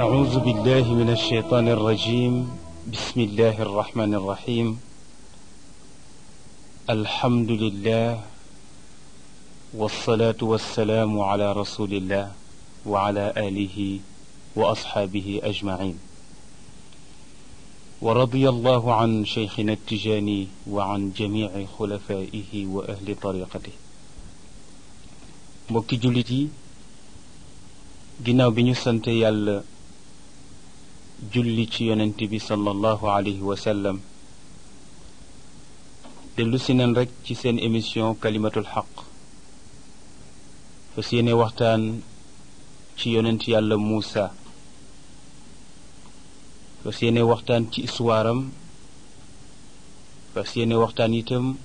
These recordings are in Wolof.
أعوذ بالله من الشيطان الرجيم بسم الله الرحمن الرحيم الحمد لله والصلاة والسلام على رسول الله وعلى آله وأصحابه أجمعين ورضي الله عن شيخنا التجاني وعن جميع خلفائه وأهل طريقته mbokki jullit yi ginnaaw bi ñu sante yàlla julli ci yonent bi sallallahu alayhi wa sallam dellu rek ci seen émission kalimatul xaq fa séene waxtaan ci yonent yàlla Muusa fa séene waxtaan ci histoire fa séene waxtaan itam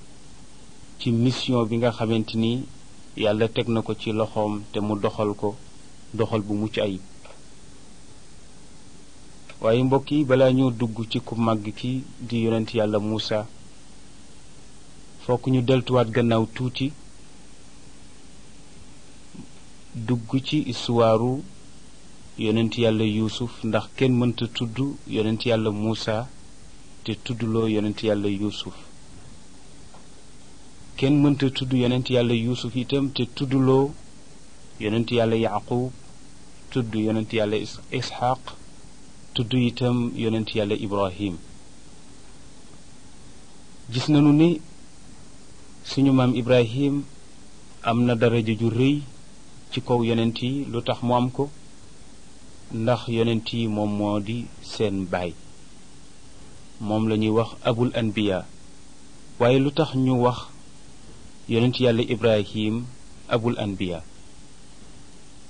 ci mission bi nga xamante ni yàlla teg na ko ci loxoom te mu doxal ko doxal bu mucc ayib waaye mbokk yi balaa ñoo dugg ci ku màgg ki di yonent yàlla Muusa fokk ñu deltuwaat gannaaw tuuti dugg ci istuwaaru yonent yàlla yuusuf ndax kenn mënta tudd yonent yàlla Muusa te tuddloo yonent yàlla yuusuf kenn mënta tudd yonent yàlla yuusuf itam te tuddloo yonent yàlla yaqub tudd yonent yàlla isxaq tudd itam yonent yàlla ibrahim gis nañu ni suñu maam ibrahim am na daraja ju rëy ci kaw yonent yi lu tax mu am ko ndax yonent yi moom moo di seen baay moom la ñuy wax abul anbiya waaye lu tax ñu wax yonent yàlla ibrahim abul anbiya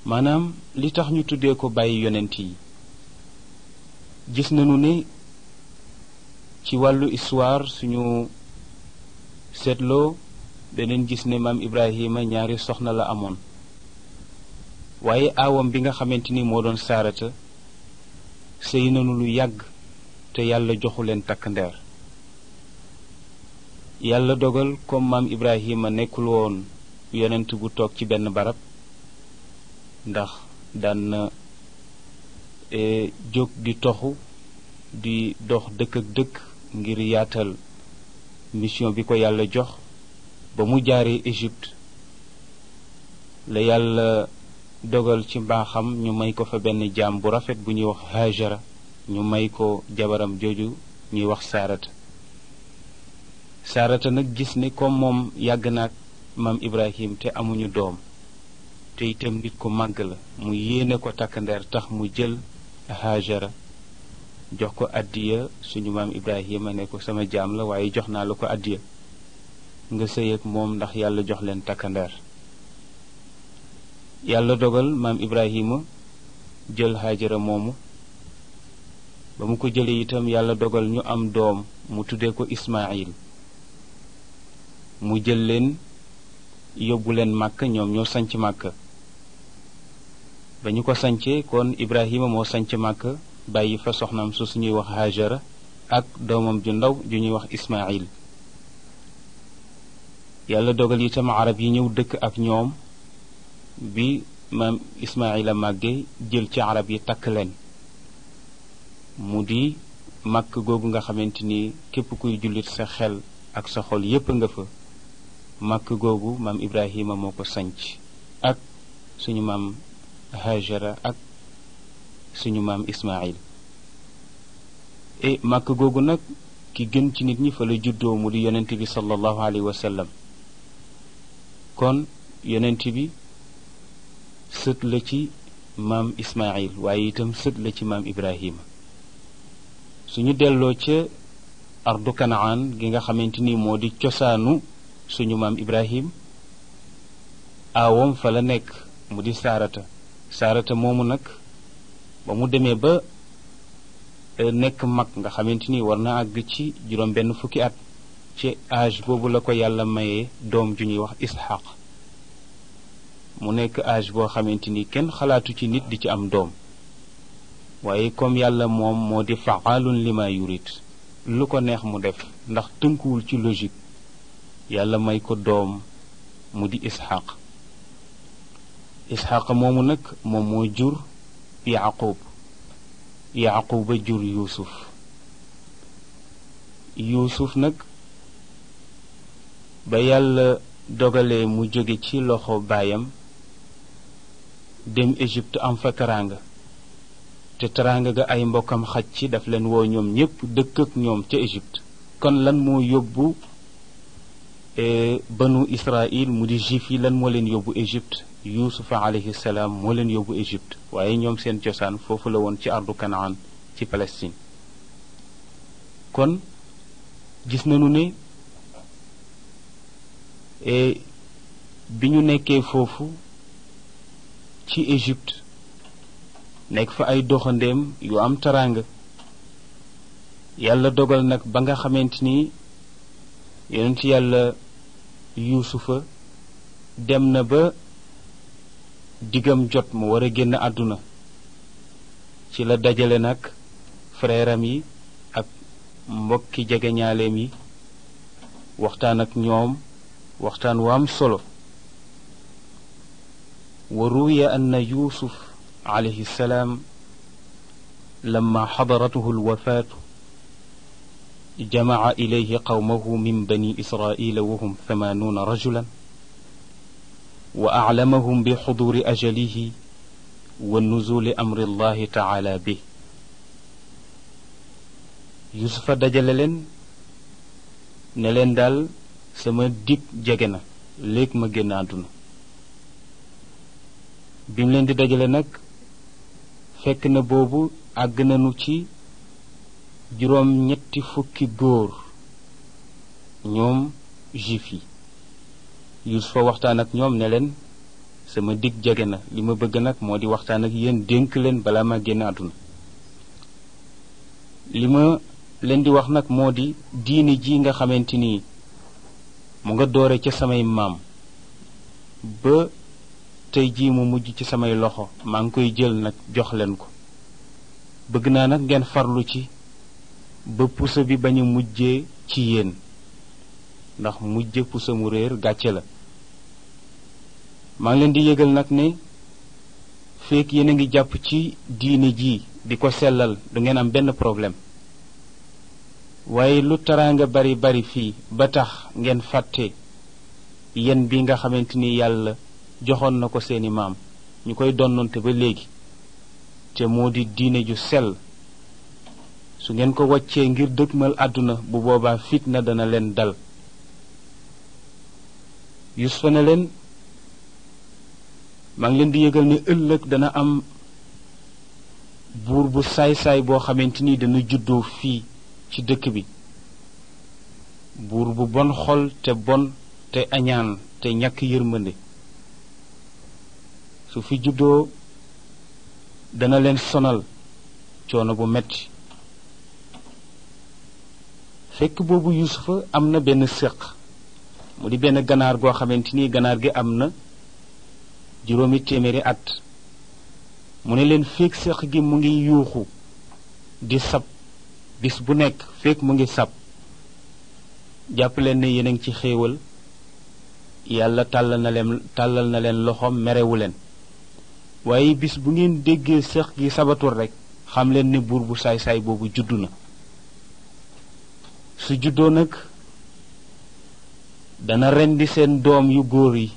maanaam li tax ñu tuddee ko bàyyi yonent yi gis nañu ne ci wàllu histoire suñu seetloo daneen gis ne maam Ibrahima ñaari soxna la amoon waaye aawam bi nga xamante ni moo doon saarata sëy nanu lu yàgg te yàlla joxu leen takk ndeer yàlla dogal comme maam Ibrahima nekkul woon yonent bu toog ci benn barab ndax daan na E jóg di toxu di dox dëkk ak dëkk ngir yaatal mission bi ko yàlla jox ba mu jaaree Égypte la yàlla dogal ci mbaaxam ñu may ko fa benn jaam bu rafet bu ñuy wax Haajara ñu may ko jabaram jooju ñuy wax Saarata Saarata nag gis ne comme moom yàgg naag maam Ibrahim te amuñu doom te itam nit ku màgg la mu yéene ko takk tax mu jël haajara jox ko addiya suñu maam ibrahima ne ko sama jaam la waaye jox naa la ko addiya nga sëy ak moom ndax yàlla jox leen takkandeer yàlla dogal maam ibrahima jël haajara moomu ba mu ko jëlee itam yàlla dogal ñu am doom mu tuddee ko ismaayil mu jël leen yóbbu leen màkk ñoom ñoo sañc màkk ba ñu ko sancee kon Ibrahima moo sanc Màkka bàyyi fa soxnaam su suñuy wax Hajara ak doomam ju ndaw ju ñuy wax Ismaïl yàlla dogal itam arab yi ñëw dëkk ak ñoom bi maam Ismaïla màgge jël ci arab yi takk leen mu di màkk googu nga xamante ni képp kuy jullit sa xel ak sa xol yépp nga fa màkk googu maam Ibrahima moo ko sañc ak suñu maam hajara ak suñu maam ismail e màkk googu nag ki gën ci nit ñi fa la juddoo mu di yonent bi sallallahu alayhi wa kon yonent bi sët la ci maam ismail waaye itam sët la ci maam ibrahima suñu delloo ca ardu kanaan gi nga xamante ni moo di cosaanu suñu maam ibrahim aawam fa la nekk mu di saarata saarata moomu nag ba mu demee ba eh, nekk mag nga xamante ni war na àgg ci juróom fukki at ci âge boobu la ko yàlla mayee doom ju ñuy wax isxaq mu nekk âge boo xamante ni kenn xalaatu ci nit di ci am doom waaye comme yàlla moom moo di faalun lima rit lu ko neex mu def ndax tënkuwul ci logique yàlla may ko doom mu di isxaq isxaqa moomu nag moom moo jur yaqub yaquba jur yuusuf yuusuf nag ba yàlla dogalee mu jóge ci loxo baayam dem Égypte am fa teraanga te teraanga ga ay mbokkam xaj ci daf leen woo ñoom ñépp dëkk ak ñoom ca Égypte kon lan moo yóbbu eh, banu Israël mu di juif yi lan moo leen yóbbu Égypte yuusufa alayhi salaam moo leen yóbbu Égypte waaye ñoom seen cosaan foofu la woon ci ardu kanaan ci Palestine kon gis nañu ne e, bi ñu nekkee foofu ci Égypte nekk fa ay doxandeem yu am taraanga yàlla dogal nag ba nga xamante ni ci yàlla yuusufa dem na ba digam jot mu war a génn àdduna ci la dajale nag frèram yi ak mbokki jegeñaaleem yi waxtaan ak ñoom waxtaan wa am solo wa ruwiya anna yuusuf alayhi salaam lamma xadaratuhu alwafaatu jamaca ilayhi qawmahu min bani israila wahum thamaanuuna rajulan wa aclamahum bi xuduuri ajalihi wa nuzuli amri llahi taala bi yusufa dajale leen ne leen daal sama dig jege na léegi ma génn àdduna bi mu leen di dajale nag fekk na boobu àgg nañu ci juróom ñetti fukki góor ñoom juif yi Yuusufa waxtaan ak ñoom ne leen sama dig jege na li ma bëgg nag moo di waxtaan ak yéen dénk leen balaa ma génn àdduna li ma leen di wax nag moo di diini ji nga xamante ni mu nga doore ca samay maam ba tey jii mu mujj ci samay loxo maa ngi koy jël nag jox leen ko bëgg naa nag ngeen farlu ci ba puso bi bañ mujje ci yéen ndax mujje puso mu réer gàcce la maa ngi leen di yëgal nag ne fekk yéen a ngi jàpp ci diine ji di ko sellal du ngeen am benn problème waaye lu taraanga bari bari fii ba tax ngeen fàtte yéen bi nga xamante ni yàlla joxoon na ko seeni maam ñu koy donnoonte ba léegi te moo di diine ju sell su ngeen ko waccee ngir dëgmal àdduna bu boobaa fitna dana leen dal yusfa na leen maa ngi leen di yëgal ne ëllëg dana am buur bu saay-saay boo xamante ni dana juddoo fii ci dëkk bi buur bu bon xol te bon te añaan te ñàkk yërmande su fi juddoo dana leen sonal coono bu metti fekk boobu yusufa am na benn séq mu di benn ganaar goo xamante ni ganaar gi am na juróomi téeméeri at mu ni leen feeg sëq gi mu ngi yuuxu di sab bis bu nekk feeg mu ngi sab jàpp leen ne a ngi ci xéewal yàlla tàllal na leen loxoom merewu leen waaye bis bu ngeen déggee sëq gi sabatul rekk xamleen leen ne buur bu saay-saay boobu judd na su juddoo nag dana rendi seen doom yu góor yi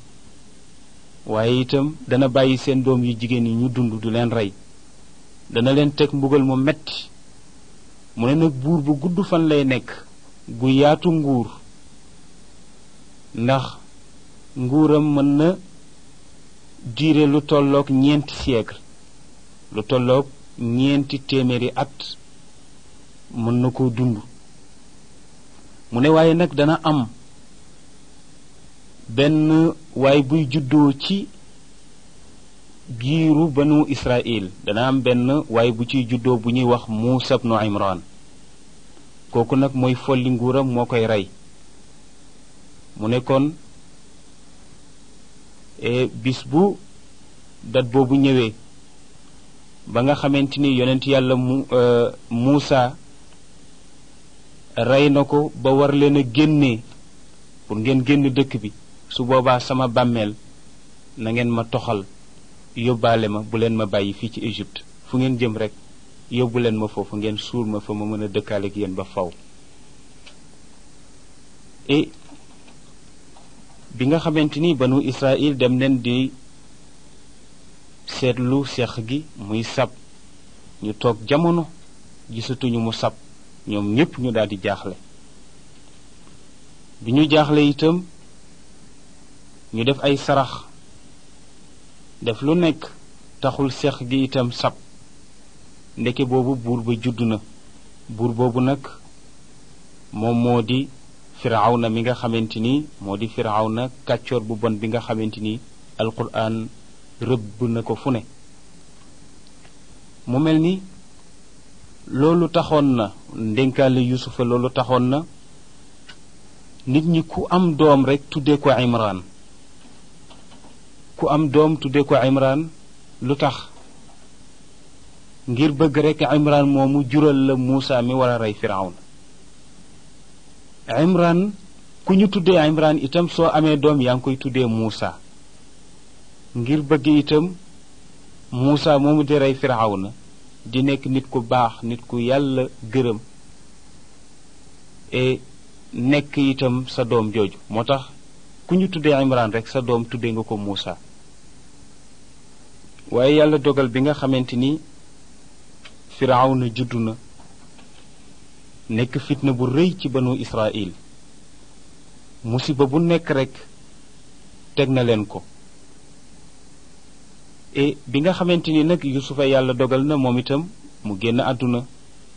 waaye itam dana bàyyi seen doom yu jigéen yi ñu dund du leen rey dana leen teg mbugal mu metti mu ne nag buur bu gudd fan lay nekk gu yaatu nguur ndax nguuram mën na diire lu tollook ñeenti siècle lu tollook ñeenti téeméeri at mën na ko dund mu ne waaye nag dana am benn waay buy juddoo ci giiru banu israil dana am benn waay bu ciy juddoo bu ñuy wax muusa bnu imran kooku nag mooy folli nguuram moo koy rey mu nekkoon e, bis bu dat boobu ñëwee ba nga xamante ni yonent yàlla mu e, muusa rey na ko ba war leen a génnee pour ngeen génn dëkk bi su boobaa sama bàmmeel na ngeen ma toxal yóbbaale ma bu leen ma bàyyi fii ci Égypte fu ngeen jëm rekk yóbbu leen ma foofu ngeen suur ma fa ma mën a dëkkaale ak yéen ba faw et bi nga xamante ni banu Israël dem leen di seetlu seex gi muy sab ñu toog jamono gisatuñu mu sab ñoom ñépp ñu daal di jaaxle bi ñu jaaxle itam ñu def ay sarax def lu nekk taxul seex gi itam sab ndeke boobu buur ba judd na buur boobu nag moom moo di firawna mi nga xamante ni moo di firawna kàccoor bu bon bi nga xamante ni alquran rëbb na ko fu ne mu mel ni loolu taxoon na ndénkaale yusufa loolu taxoon na nit ñi ku am doom rekk tuddee ko imran ku am doom tudde ko imraan lu tax ngir bëgg rekk imraan moomu jural la muusa mi war a rey firawna imraan ku ñu tuddee imraan itam soo amee doom yaa ngi koy tuddee muusa ngir bëgg itam muusa moomu di rey firawna di nekk nit ku baax nit ku yàlla gërëm e nekk itam sa doom jooju moo tax ku ñu tuddee imraan rekk sa doom tuddee nga ko muusa waaye yàlla dogal bi nga xamante ni firawna juddu na nekk fitna bu rëy ci banu israil musiba bu nekk rekk teg na leen ko e bi nga xamante ni nag yusufa yàlla dogal na moom itam mu génn àdduna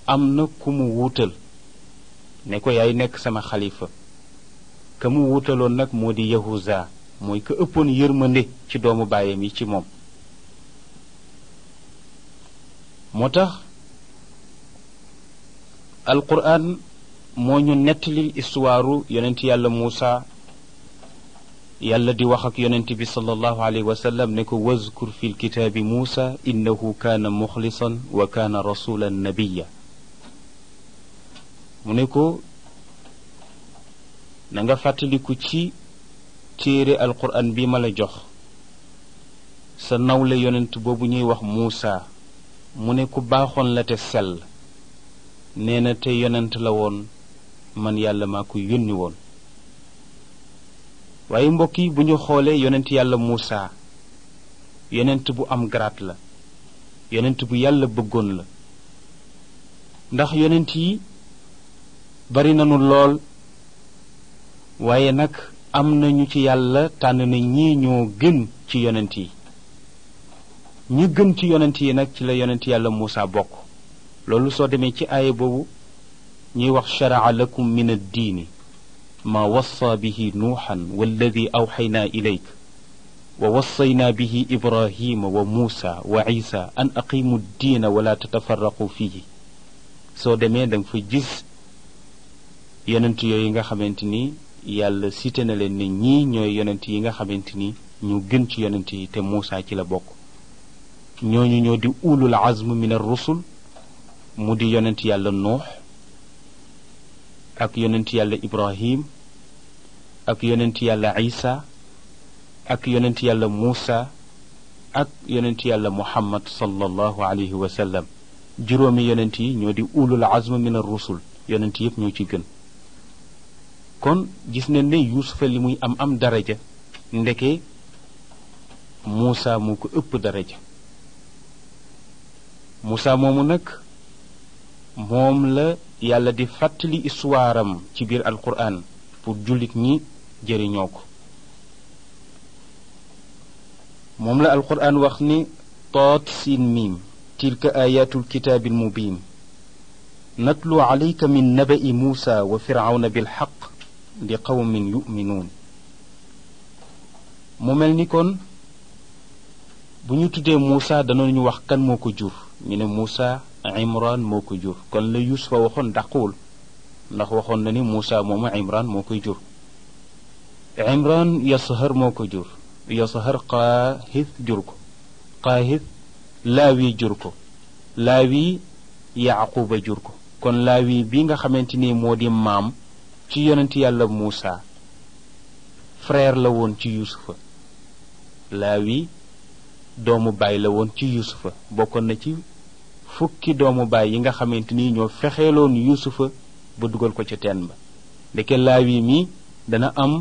am na ku mu wuutal ne ko yaay nekk sama xalifa ka mu wuutaloon nag moo di yahuza mooy ka ëppoon yërmande ci doomu baayam yi ci moom moo tax alquran moo ñu nettali istuwaaru yonent yàlla Muusa yàlla di wax ak yonent bi sallallahu alayhi wa sallam ne ko wazkur fil kitaabi Muusa innahu kaana muxlisan wa kaana rasulan nabiya mu ne ko nanga fàttaliku ci téere alquran bi ma la jox sa nawle yonent boobu ñuy wax Muusa mu ne ku baaxoon la te sell nee na te yonent la woon man yàlla maa ko yónni woon waaye mbokk yi bu ñu xoolee yonent yàlla Muusaa yonent bu am garaat la yonent bu yàlla bëggoon la ndax yonent yi bari nañu lool waaye nag am nañu ci yàlla tànn na ñii ñoo gën ci yonent yi ñi gën ci yonent yi nag ci la yonent yàlla Muusa bokk loolu soo demee ci aaya boobu ñuy wax sharaa lakum min addiini ma wassa bihi nuuxan walladi awxaynaa ilayk wa wassaynaa bihi ibrahima wa muusa wa isa an aqimu ddiina wala tatafarraqu fihi soo demee da nga fa gis yonent yooyu nga xamante ni yàlla cité na leen ne ñii ñooy yonent yi nga xamante ni ñu gën ci yonent yi te Muusa ci la bokk ñooñu ñoo di ulul azm min ar-rusul mu di yonent yàlla nuux ak yonent yàlla ibrahim ak yonent yàlla isa ak yonent yàlla muusa ak yonent yàlla muhammad sallallahu alayhi wa sallam juróomi yonent yi ñoo di ulul azm min ar-rusul yonent yëpp ñoo ci gën kon gis nañ ne yuusufa li muy am am daraja ndeke muusa moo ko ëpp daraja Moussa moomu nag moom la yàlla di fàttali histoire ci biir alquran pour jullit ñi jëriñoo ko moom la alquran wax ni toot siin miim tilka ayatul kitaabil mubin natlu alayka min naba'i muusa wa firawna bilxaq li qawmin yuminuun mu mel ni kon bu ñu tuddee Muusa danañu wax kan moo ko jur ñu ne Moussa Imran moo ko jur kon la Yusufa waxoon dàquwul ndax waxoon na ni Moussa moomu Imran moo koy jur Imran Yasahar moo ko jur Yasahar Qaahis jur ko Qaahis Laawi jur ko Laawi Yaquba jur ko kon Laawi bi nga xamante ni moo di maam ci yonent yàlla Moussa frère la woon ci Yusufa Laawi doomu baay la woon ci Yusufa bokkoon na ci fukki doomu baay yi nga xamante ni ñoo fexeeloon yuusufa ba dugal ko ca teen ba ndeke laawi mi dana am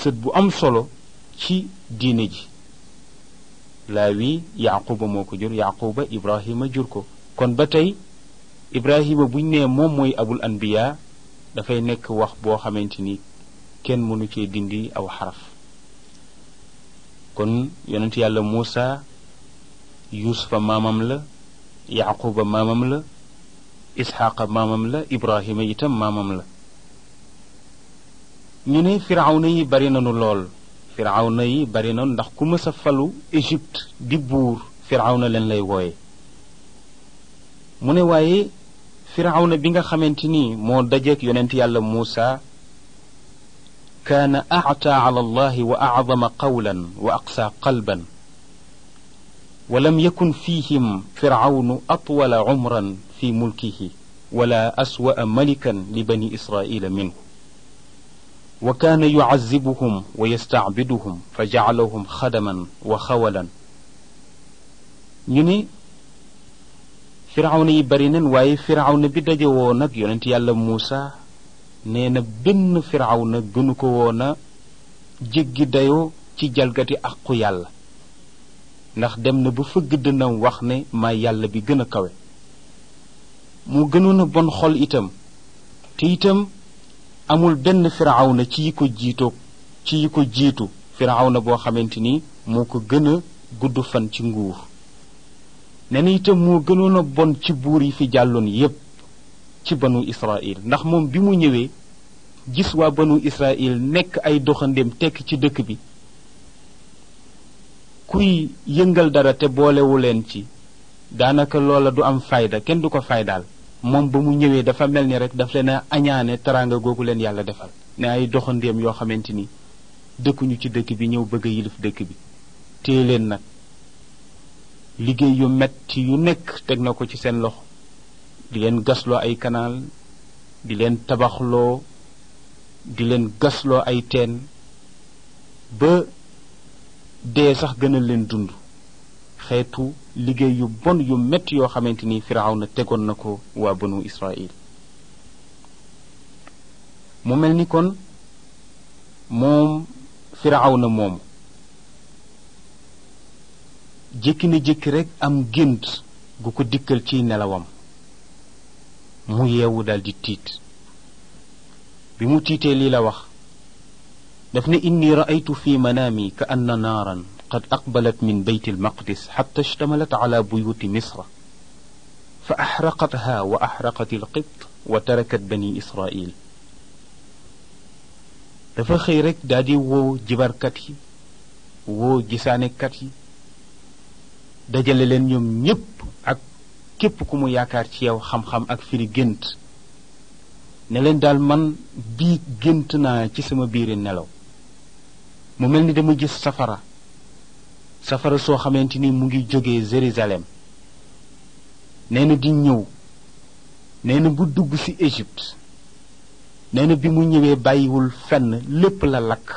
sët bu am solo ci diine ji laawi yaquba moo ko jur yaquba ibrahima jur ko kon ba tey ibrahima buñ nee moom mooy abul anbiya dafay nekk wax boo xamante ni kenn mënu cee dindi aw xaraf kon yonent yàlla muusa yuusufa maamam la yaquba maamam la isxaaqa maamam la ibrahima itam maamam la ñu ne firawna yi bari nanu lool firawna yi bari nanu ndax ku mës falu égypte bi buur firawna leen lay wooye mu ne waaye firawna bi nga xamante ni moo dajeek yonent yàlla muusa kaana aata ala allahi wa acdama qawlan wa aqsa qalban walam yakun fihim firawnu atwala umran fi mulkihi wala aswa'a malikan li bani israila minhu wa kaana yucazibuhum wa yastacbiduhum fa jacalahum xadaman wa xawalan ñu yi bari nañ waaye firawna bi daje woon ak yonent yàlla Muusa nee na benn firawna gënu ko ci jalgati aqu yàlla ndax dem na ba fëgg dënam wax ne ma yàlla bi gën a kawe mu gënoon a bon xol itam te itam amul benn firawna ci yi ko ci yi ko jiitu firawna boo xamante ni moo ko gën a gudd fan ci nguur ne na itam moo gënoon a bon ci buur yi fi jàlloon yépp ci banu israil ndax moom bi mu ñëwee gis waa banu israil nekk ay doxandéem tekk ci dëkk bi kuy yëngal dara te boolewu leen ci daanaka loola du am fayda kenn du ko faydaal moom ba mu ñëwee dafa mel ni rek daf leen a añaane teraanga googu leen yàlla defal ne ay doxandéem yoo xamante ni dëkkuñu ci dëkk bi ñëw bëgg a yilif dëkk bi téye leen nag liggéey yu metti yu nekk teg na ko ci seen loxo di leen gasloo ay kanaal di leen tabaxloo di leen gasloo ay teen ba dee sax gënal leen dund xeetu liggéey yu bon yu métti yoo xamante ni firawna tegoon na ko waa banu israil mu mel ni kon moom firawna moomu jékki na jékki rekk am gént gu ko dikkal ci nelawam mu yeewu daldi tiit bi mu tiitee lii la wax daf ne inni raaytu fi manaami ka anna naaran qad aqbalat min bayt almaqdis xatta ishtamalat ala buyuti misra fa axraqatha wa axraqat alqibt wa tarakat bani israil dafa xëy rek daal di woo jibarkat yi woo gisaanekat yi dajale leen ñoom ñépp ak képp ku mu yaakaar ci yow xam ak firi gént ne leen daal man bii gént naa ci sama biiri nelaw mu mel ni dama gis safara safara soo xamante ni mu ngi jóge Jérusalem nee na di ñëw nee na bu dugg ci Égypte nee na bi mu ñëwee bàyyiwul fenn lépp la lakk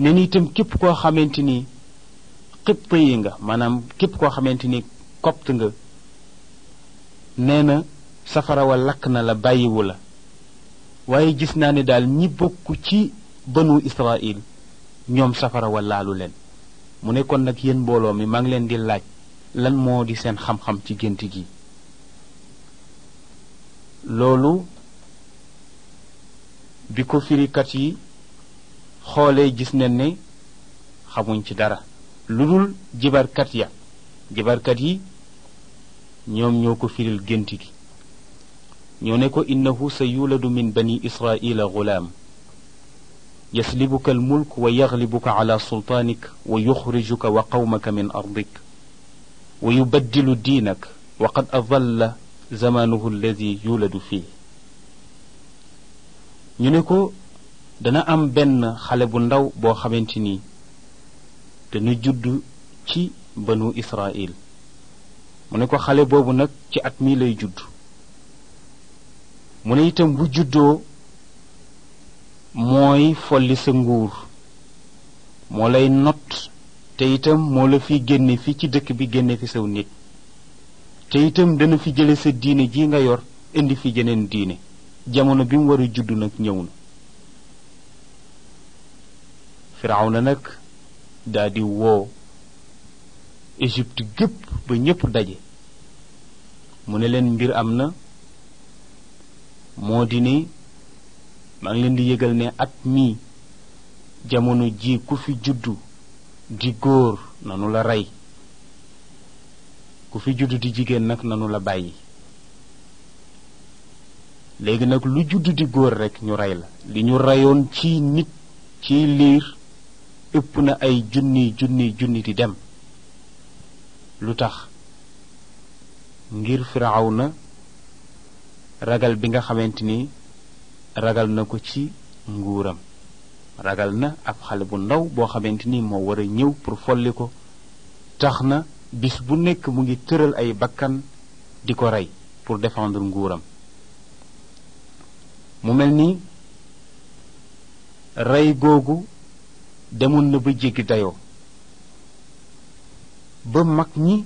nee na itam képp koo xamante ni xibta yi nga maanaam képp koo xamante ni copte nga nee na safara wa lakk na la bàyyiwu la waaye gis naa ne daal ñi bokk ci banu israil ñoom safara wa laalu leen mu ne kon nag yéen mbooloo mi mag leen di laaj lan moo di seen xam-xam ci gént gi loolu bi ko firikat yi xoolee gis nañ ne xamuñ ci dara lu dul jibarkat ya jibarkat yi ñoom ñoo ko firil gént gi ñoo ne ko innahu sa du min bani israila gulaam yaslibuka almulk wa yaglibuka ala sultaanik wa yuxrijuka wa qawmaka min ardik wa yubaddilu diinak wa qad adalla zamaanuhu alladi yuladu fii ñu ne ko dana am benn xale bu ndaw boo xamante ni dana judd ci banu israil mu ne ko xale boobu nag ci at mii lay judd mu ne itam bu juddoo mooy folli sa nguur moo lay not te itam moo la fi génne fi ci dëkk bi génne fi saw nit te itam dana fi jële sa diine ji nga yor indi fi jeneen diine jamono bi mu war a judd nag ñëw na Firawna nag daldi woo Égypte gépp ba ñépp daje mu ne leen mbir am na moo di ni maa ngi leen di yëgal ne at mii jamono ji ku fi juddu di góor nanu la rey ku fi juddu di jigéen nag nanu la bàyyi léegi nag lu juddu di góor rekk ñu rey la li ñu reyoon ci nit ci liir ëpp na ay junni junni junni di dem lu tax ngir na ragal bi nga xamante ni ragal na ko ci nguuram ragal na ab xale bu ndaw boo xamante ni moo war a ñëw pour folli ko tax na bés bu nekk mu ngi tëral ay bakkan di ko rey pour défendre nguuram mu mel ni rey googu demul na ba jéggi dayoo ba mag ñi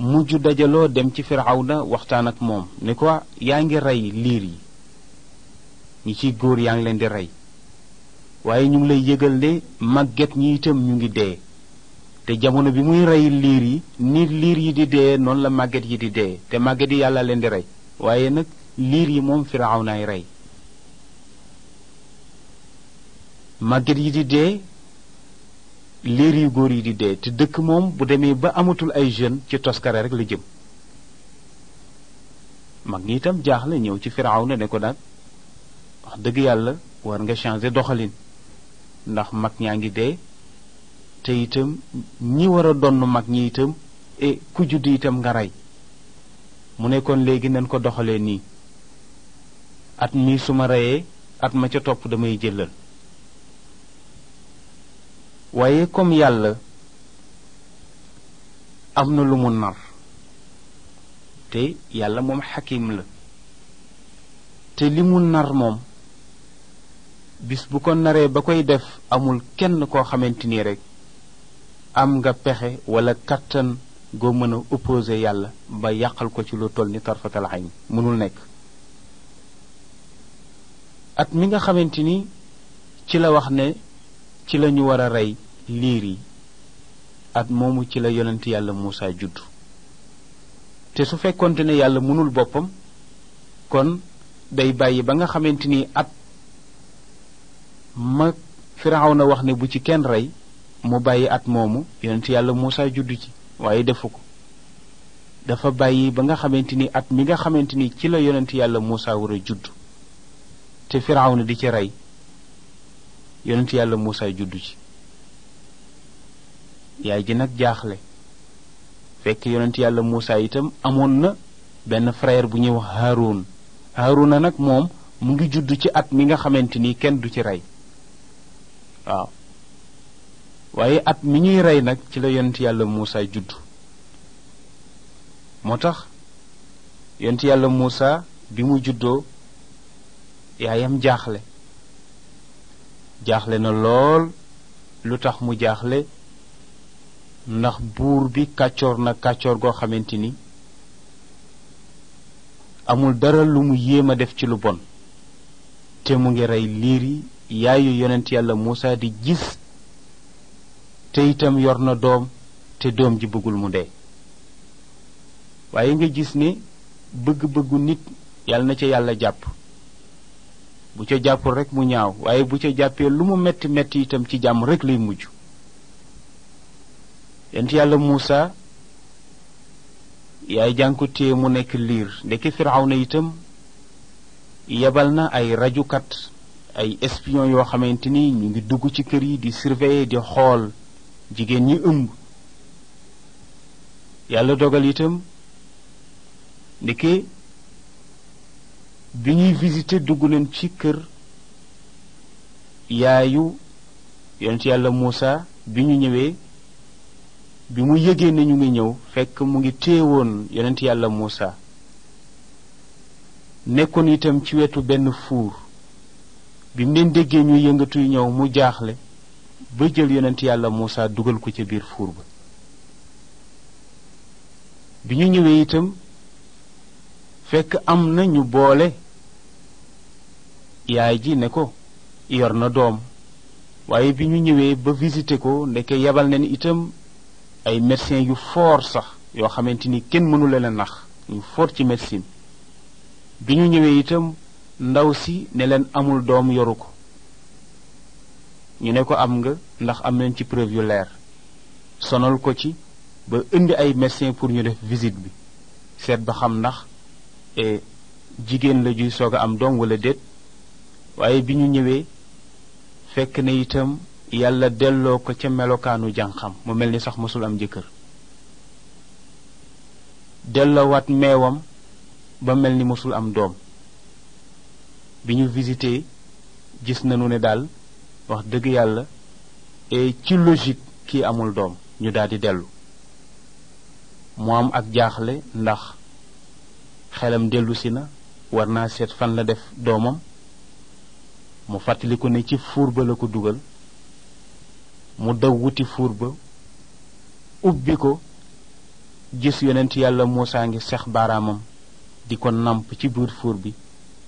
mujj dajaloo dem ci firawna waxtaan ak moom ni ko yaa ngi rey liir yi ñi ci góor yaa ngi leen di rey waaye ñu ngi lay yëgal ne màgget ñi itam ñu ngi dee te jamono bi muy rey liir yi ni liir yi di dee noonu la màgget yi di dee te màgget yi yàlla leen di rey waaye nag liir yi moom firaaw naay rey màgget yi di dee liir yu góor yi di dee te dëkk moom bu demee ba amatul ay jeunes ci toskare rek la jëm mag ñi itam jaaxle ñëw ci firaaw na ne ko daal wax dëgg yàlla war nga changer doxalin ndax mag ñaa ngi dee te itam ñi war a donn mag ñi itam e ku judd itam nga rey mu nekkoon léegi nañ ko doxalee nii at mii su ma reyee at ma ca topp damay jëlal waaye comme yàlla am na lu mu nar te yàlla moom xakim la te li mu nar moom bis bu ko naree ba koy def amul kenn koo xamante ni rek am nga pexe wala kàttan goo mën a opposé yàlla ba yàqal ko ci lu toll ni tarfatal ayn mënul nekk at mi nga xamante ni ci la wax ne ci la ñu war a rey liir yi at moomu ci la yonent yàlla Muusa judd te su fekkonte ne yàlla mënul boppam kon day bàyyi ba nga xamante at ma Firawna wax ne bu ci kenn rey mu bàyyi at moomu yonent yàlla Muusaa juddu ci waaye defu ko dafa bàyyi ba nga xamante ni at mi nga xamante ni ci la yonent yàlla Muusaa war a judd te Firawna di ci rey yonent yàlla Muusaa juddu ci yaay ji nag jaaxle fekk yonent yàlla Muusaa itam amoon na benn frère bu ñuy wax Haarun Haaruna nag moom mu ngi juddu ci at mi nga xamante ni kenn du ci rey waaw waaye at mi ñuy rey nag ci la yonent yàlla Muusa judd moo tax yonent yàlla Muusa bi mu juddoo yaayam jaaxle jaaxle na lool lu tax mu jaaxle ndax buur bi kàccoor na kàccoor goo xamante ni amul dara lu mu yéem a def ci lu bon te mu ngi rey liir yi yaayu yonent yàlla Muusa di gis te itam yor na doom te doom ji bëggul mu dee waaye nga gis ne bëgg-bëggu nit yàlla na ca yàlla jàpp bu ca jàpp rek mu ñaaw waaye bu ca jàppee lu mu metti metti itam ci jàmm rekk lay mujj yonent yàlla Muusa yaay jànku mu nekk liir ndekki na itam yebal na ay rajukat ay espion yoo xamante ni ñu ngi dugg ci kër yi di surveiller di xool jigéen ñi ëmb yàlla dogal itam ndeke bi ñuy visité dugg leen ci kër yaayu yonent yàlla Muusa bi ñu ñëwee bi mu yëgee ne ñu ngi ñëw fekk mu ngi téewoon yonent yàlla Muusa nekkoon itam ci wetu benn fuur bi mu leen déggee ñuy yëngatuy ñëw mu jaaxle ba jël yonent yàlla Muusa dugal ko ca biir fuur ba bi ñu ñëwee itam fekk am na ñu boole yaay ji ne ko yor na doom waaye bi ñu ñëwee ba visité ko ndeke yebal nañ itam ay médecins yu foor sax yoo xamante ni kenn mënu leen a nax ñu fort ci médecine bi ñu ñëwee itam ndaw si ne leen amul doom yoru ko ñu ne ko am nga ndax am nañ ci preuve yu leer sonal ko ci ba indi ay médecin pour ñu def visite bi seet ba xam ndax e, jigéen la juy soog a am doom wala déet waaye bi ñu ñëwee fekk na itam yàlla delloo ko ca melokaanu jànqam mu mel ni sax mosul am jëkkër delloowaat meewam ba mel ni mosul am doom bi ñu visité gis nañu ne daal wax dëgg yàlla et ci logique kii amul doom ñu daal dellu mu am ak jaaxle ndax xelam dellusi na war naa seet fan la def doomam mu fàttaliku ne ci fuur ba la ko dugal mu daw wuti fuur ba ubbi ko gis yonent yàlla Muusaa ngi sex baaraamam di ko nàmp ci biir fuur bi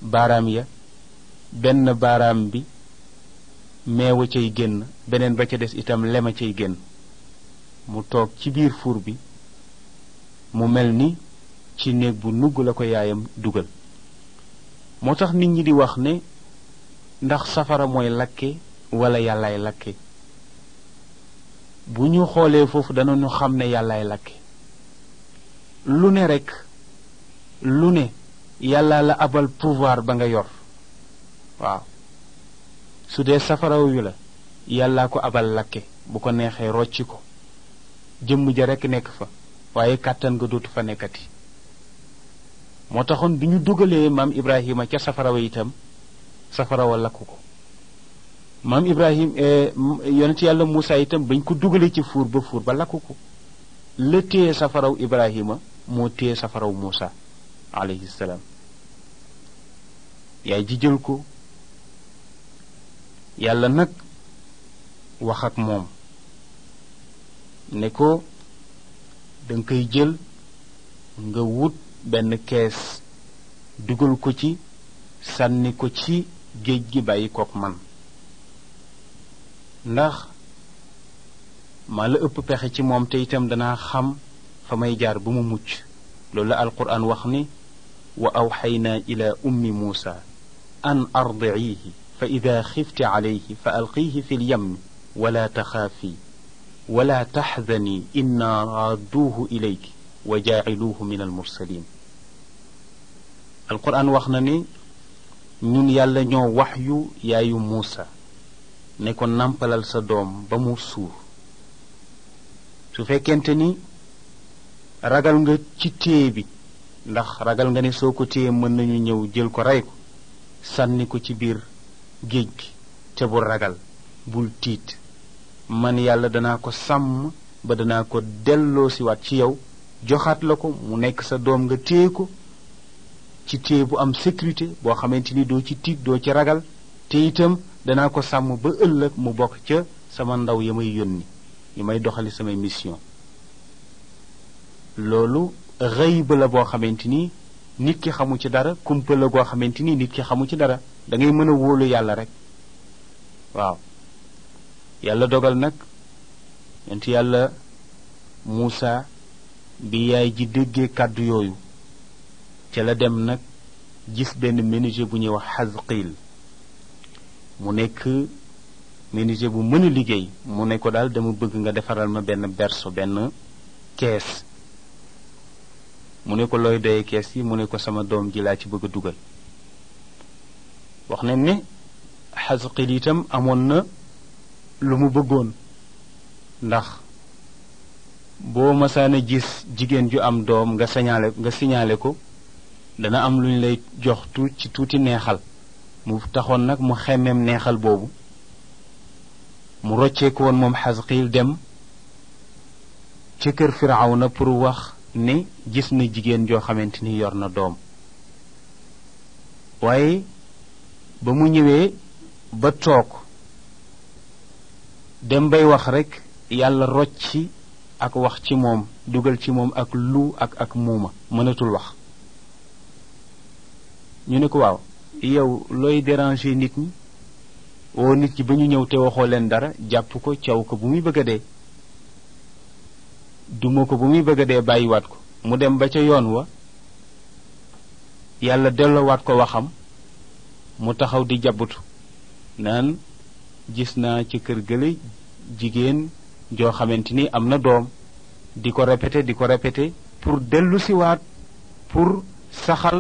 baaraam ya benn baaraam bi meewa cay génn beneen ba ca des itam lema cay génn mu toog ci biir fuur bi mu mel ni ci néeg bu nugg la ko yaayam dugal moo tax nit ñi di wax ne ndax safara mooy lakke wala yàllaay lakke bu ñu xoolee foofu danañu xam ne yàllaay lakke lu ne rekk lu ne yàlla la abal pouvoir ba nga yor waaw su dee safaraw yi la yàllaa ko abal lakke bu ko neexee rocci ko jëmm ja rekk nekk fa waaye kàttan nga dootu fa nekkati moo taxoon bi ñu dugalee maam Ibrahima ca safarawa itam safarawa lakku ko maam Ibrahim eh, yonent yàlla Moussa itam bañ ko dugalee ci fuur ba fuur ba lakku ko la téye safaraw Ibrahima moo téye safaraw Moussa alayhi yaay ji jël ko yàlla nag wax ak moom ne ko danga koy jël nga wut benn kees dugal ko ci sànni ko ci géej gi bàyyi kook man ndax maa la ëpp pexe ci moom te itam danaa xam fa may jaar bu mu mucc loolu la alquran wax ni wa aw awxaynaa ila ummi muusa an ardiihi فإذا خفت عليه فألقيه في اليم ولا تخافي ولا تحزني إنا رادوه إليك وجاعلوه من المرسلين alquran wax na ni ñun yàlla ñoo wax yu yaayu Muusa ne ko nàmpalal sa doom ba mu suur su fekkente ni ragal nga ci téye bi ndax ragal nga ne soo ko téye mën nañu ñëw jël ko rey ko sànni ko ci biir géej gi te bul ragal bul tiit man yàlla danaa ko sàmm ba danaa ko delloosiwaat ci yow joxaat la ko mu nekk sa doom nga téye ko ci téye bu am sécurité boo xamante ni doo ci tiit doo ci ragal te itam danaa ko sàmm ba ëllëg mu bokk ca sama ndaw ya may yónni yi may doxali samay mission loolu rëy ba la boo xamante ni nit ki xamu ci dara kumpa goo xamante ni nit ki xamu ci dara da ngay mën a wóolu yàlla rek waaw yàlla dogal nag yonent yàlla Muusa bi yaay ji déggee kàddu yooyu ca la dem nag gis benn menuisier bu ñuy wax Xasqiil mu nekk menuisier bu mën a liggéey mu ne ko daal dama bëgg nga defaral ma benn berceau benn kees mu ne ko looy doyee kees yi mu ne ko sama doom ji laa ci bëgg a dugal wax nañ ne xasqil itam amoon na lu mu bëggoon ndax boo masaana gis jigéen ju am doom nga signalé nga siñaale ko dana am lu ñu lay jox tu ci tuuti neexal mu taxoon nag mu xemmeem neexal boobu mu rocceeku woon moom xasqil dem ca kër na pour wax ne gis na jigéen joo xamante ni yor na doom waaye ba mu ñëwee ba toog dem bay wax rekk yàlla rocci ak wax ci moom dugal ci moom ak lu ak ak muuma mënatul wax ñu ni ko waaw yow looy déranger nit ñi woo nit ñi ba ñu ñëw te waxoo leen dara jàpp ko caw ko bu muy bëgg a dee duma ko bu muy bëgg dee bàyyiwaat ko mu dem ba ca yoon wa yàlla delloowaat ko waxam mu taxaw di jabbutu naan gis naa ci kër gële jigéen joo xamante ni am na doom di ko répété di ko répété pour dellu siwaat pour saxal